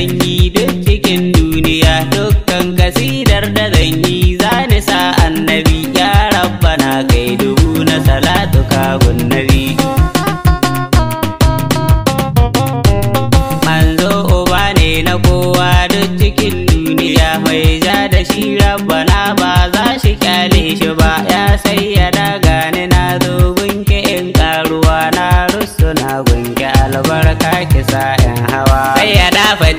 sanyi duk cikin duniya dukkan kasidar da zanyi zani sa annabi ya rabbana kai dubu na salatu kagun nabi manzo uba ne na kowa duk cikin duniya mai ja da shi rabbana ba za shi kyale shi ba a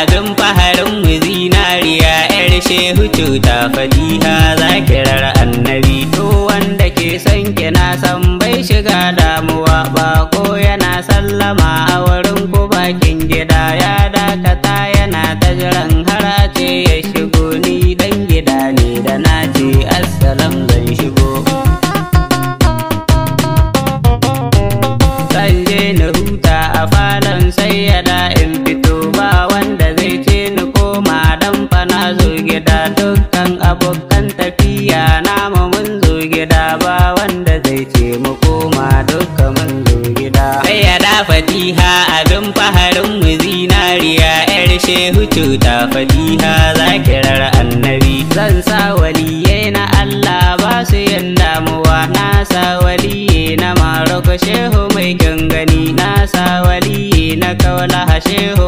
abin faharin mu zinariya yar shehu cuta ki zakirar annabi to wanda ke son ki na san bai shiga damuwa ba ko yana sallama a wurin ku bakin gida ya zan sa waliye na Allah ba su yin damuwa na sa waliye na maroko shehu mai gangani na sa waliye na kaula shehu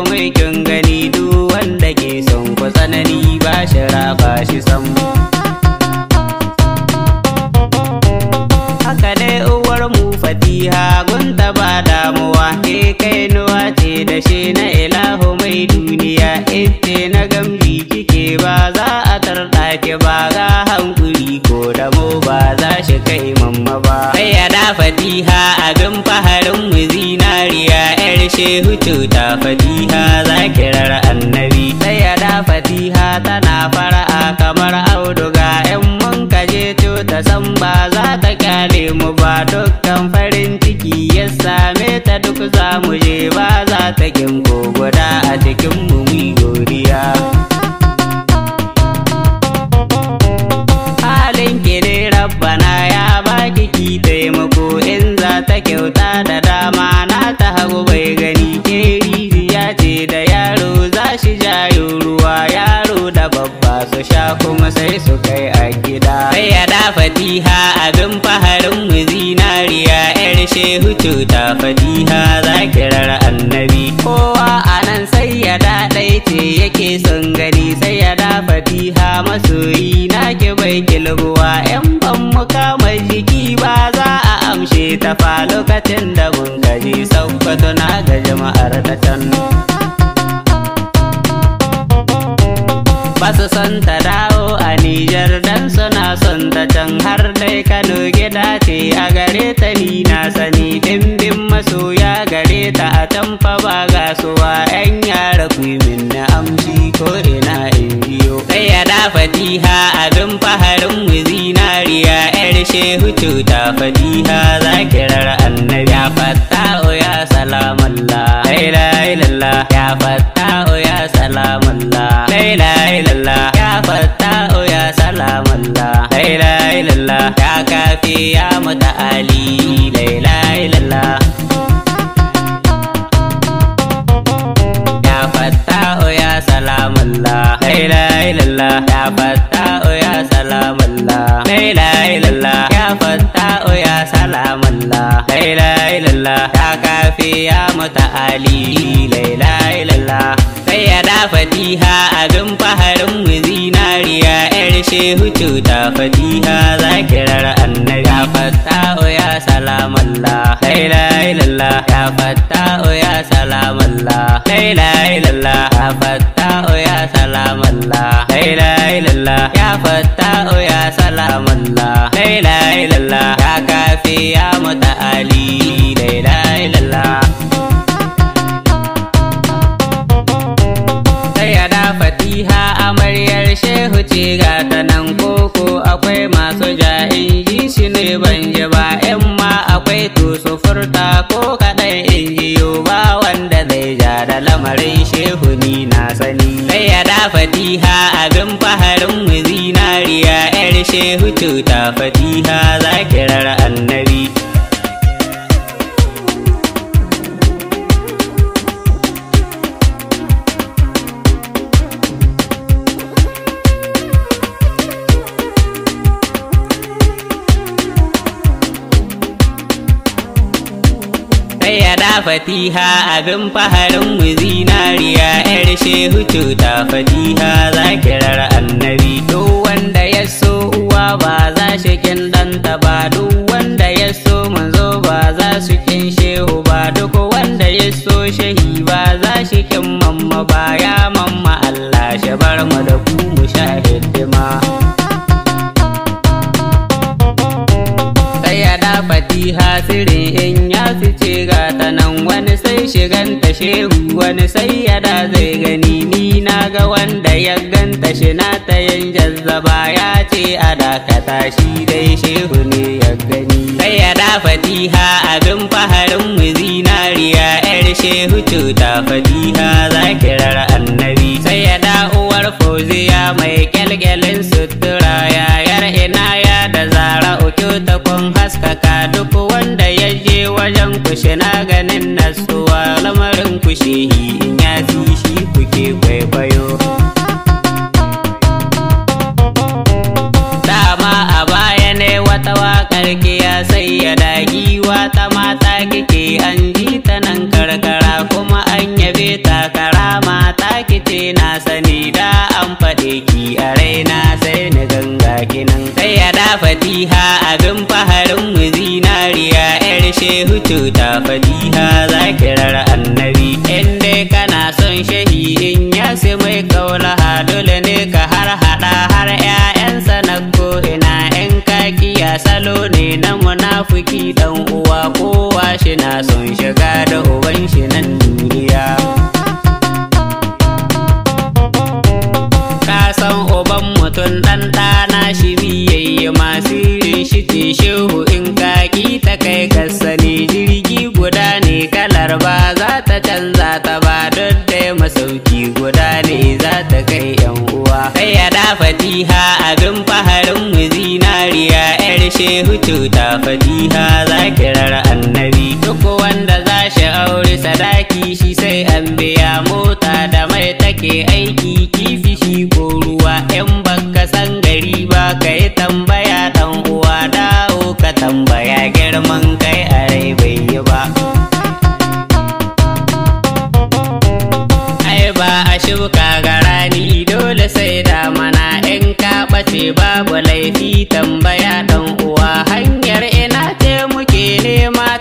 da fatiha za kirar annabi sai ya da fatiha tana fara'a kamar auduga yan mun kaje to ta san ba za ta kale mu ba dukkan farin ciki ya same ta duk za mu je ba za ta kin guda a cikin mu godiya. mu zinariya yar shehu cuta fatiha za kirar annabi kowa a nan sai ya daɗaice yake son gani sai ya da fatiha masoyi na ki bai kilbuwa yan ban mu kama jiki ba za a amshe ta fa lokacin da mun gaji saukwato na ga jama'ar ta can ba su son ta da Nijar dan suna son ta can har dai Kano gida ce a gare ta ni na sani dimbin masoya gare ta a fa ba gasuwa yan yara kuimin na amshi ko ina in biyo. Kai ya da fatiha abin faharin mu zinariya yar shehu ta fatiha. safe ya mata ali laila ilalla ya fatta'u oh ya salamullah laila ilalla ya fatta'u oh ya salamullah laila ilalla ya fatta'u oh ya salamullah laila ilalla ya kafi ya mata ali laila ilalla fayyada fatiha abin faharin mu zinariya yar shehu cuta fatiha za ki zakirar annabi ya o ya salamallah la ilallah ya fattahu ya salamallah la ilallah ya o ya salamallah la ilallah ya o ya salamallah la ilallah ya kafiya in ji shi ne ban ji ba in ma akwai to furta ko kaɗai in ji ba wanda zai ja da lamarin shehu ni na sani sai ya da fatiha abin faharin mu zinariya yar shehu cuta fatiha zakirar annabi da fatiha abin faharin mu zinariya yar shehu cuta fatiha za kirar annabi duk wanda ya so uwa ba za shi kin danta ba duk wanda ya so manzo ba za su kin shehu ba duk wanda ya so shehi ba za shi kin mamma ba ya mamma Allah shi bar mu da ku mu sha hidima. ya da fatiha sirin shiganta shehu wani sai ya da zai gani ni na ga wanda ya ganta shi na ta yin jazzaba ya ce a dakata shi dai shehu ne ya gani sai ya da fatiha abin faharin mu zinariya yar shehu cuta fatiha kirar annabi sai ya da uwar fauziya mai kyalkyalin sutura ya yayar ya da zara uku ta kun haskaka duk wanda ya je wajen kushe na gani. lamarin ku shehi in ya fi shi kenan sai ya da fatiha abin faharin mu zinariya yar shehu cuta fatiha zakirar annabi inda kana son shehi in ya mai kaula dole ne ka har hada har 'ya'yansa na ko ina in ka kiya salo ne na munafiki dan uwa ko Sauki guda ne za ta kai yan uwa kai ya da fatiha abin faharin mu zinariya yar shehu cuta fatiha zakirar annabi duk wanda za shi aure sadaki shi sai an biya mota da mai take aiki kifi shi ko ruwa yan baka san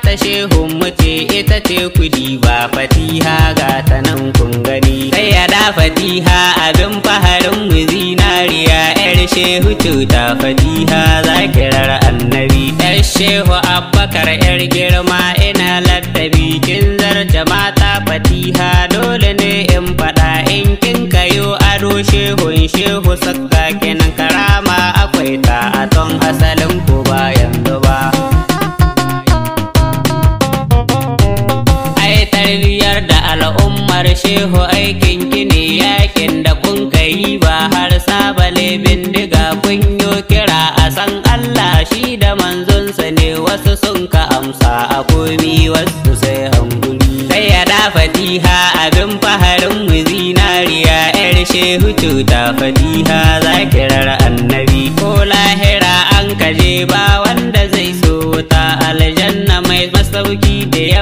ta shehun muce ita ce kudi ba fatiha ga ta nan kun gani sai ya da fatiha abin faharin mu zinariya yar shehu cuta fatiha za zakirar annabi yar shehu abbakar yar girma ina laddabi kin zarta mata fatiha dole ne in faɗa in kin kayo ado shehun shehu sakka bindiga kun yi kira a san Allah shi da manzonsa ne wasu sun ka amsa a komi wasu sai hanguli sai ya da fatiha abin faharin mu zinariya yar shehu cuta fatiha zakirar annabi ko lahira an kaje ba wanda zai so ta aljanna mai masauki da ya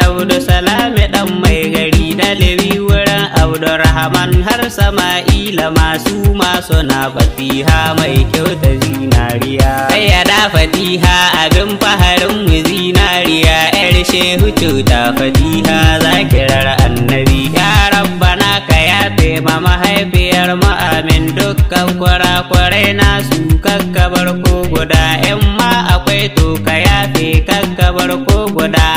audu salami dan mai gari dalibi wurin abdurrahman har sama'ila masu masu na fatiha mai kyauta zinariya sai ya da fatiha abin faharin mu zinariya yar shehu cuta fatiha za rara annabi ya rabbana ka yafe ma mahaifiyar mu amin dukkan na su kakkabar ko guda 'yan ma akwai to ka yafe kakkabar ko guda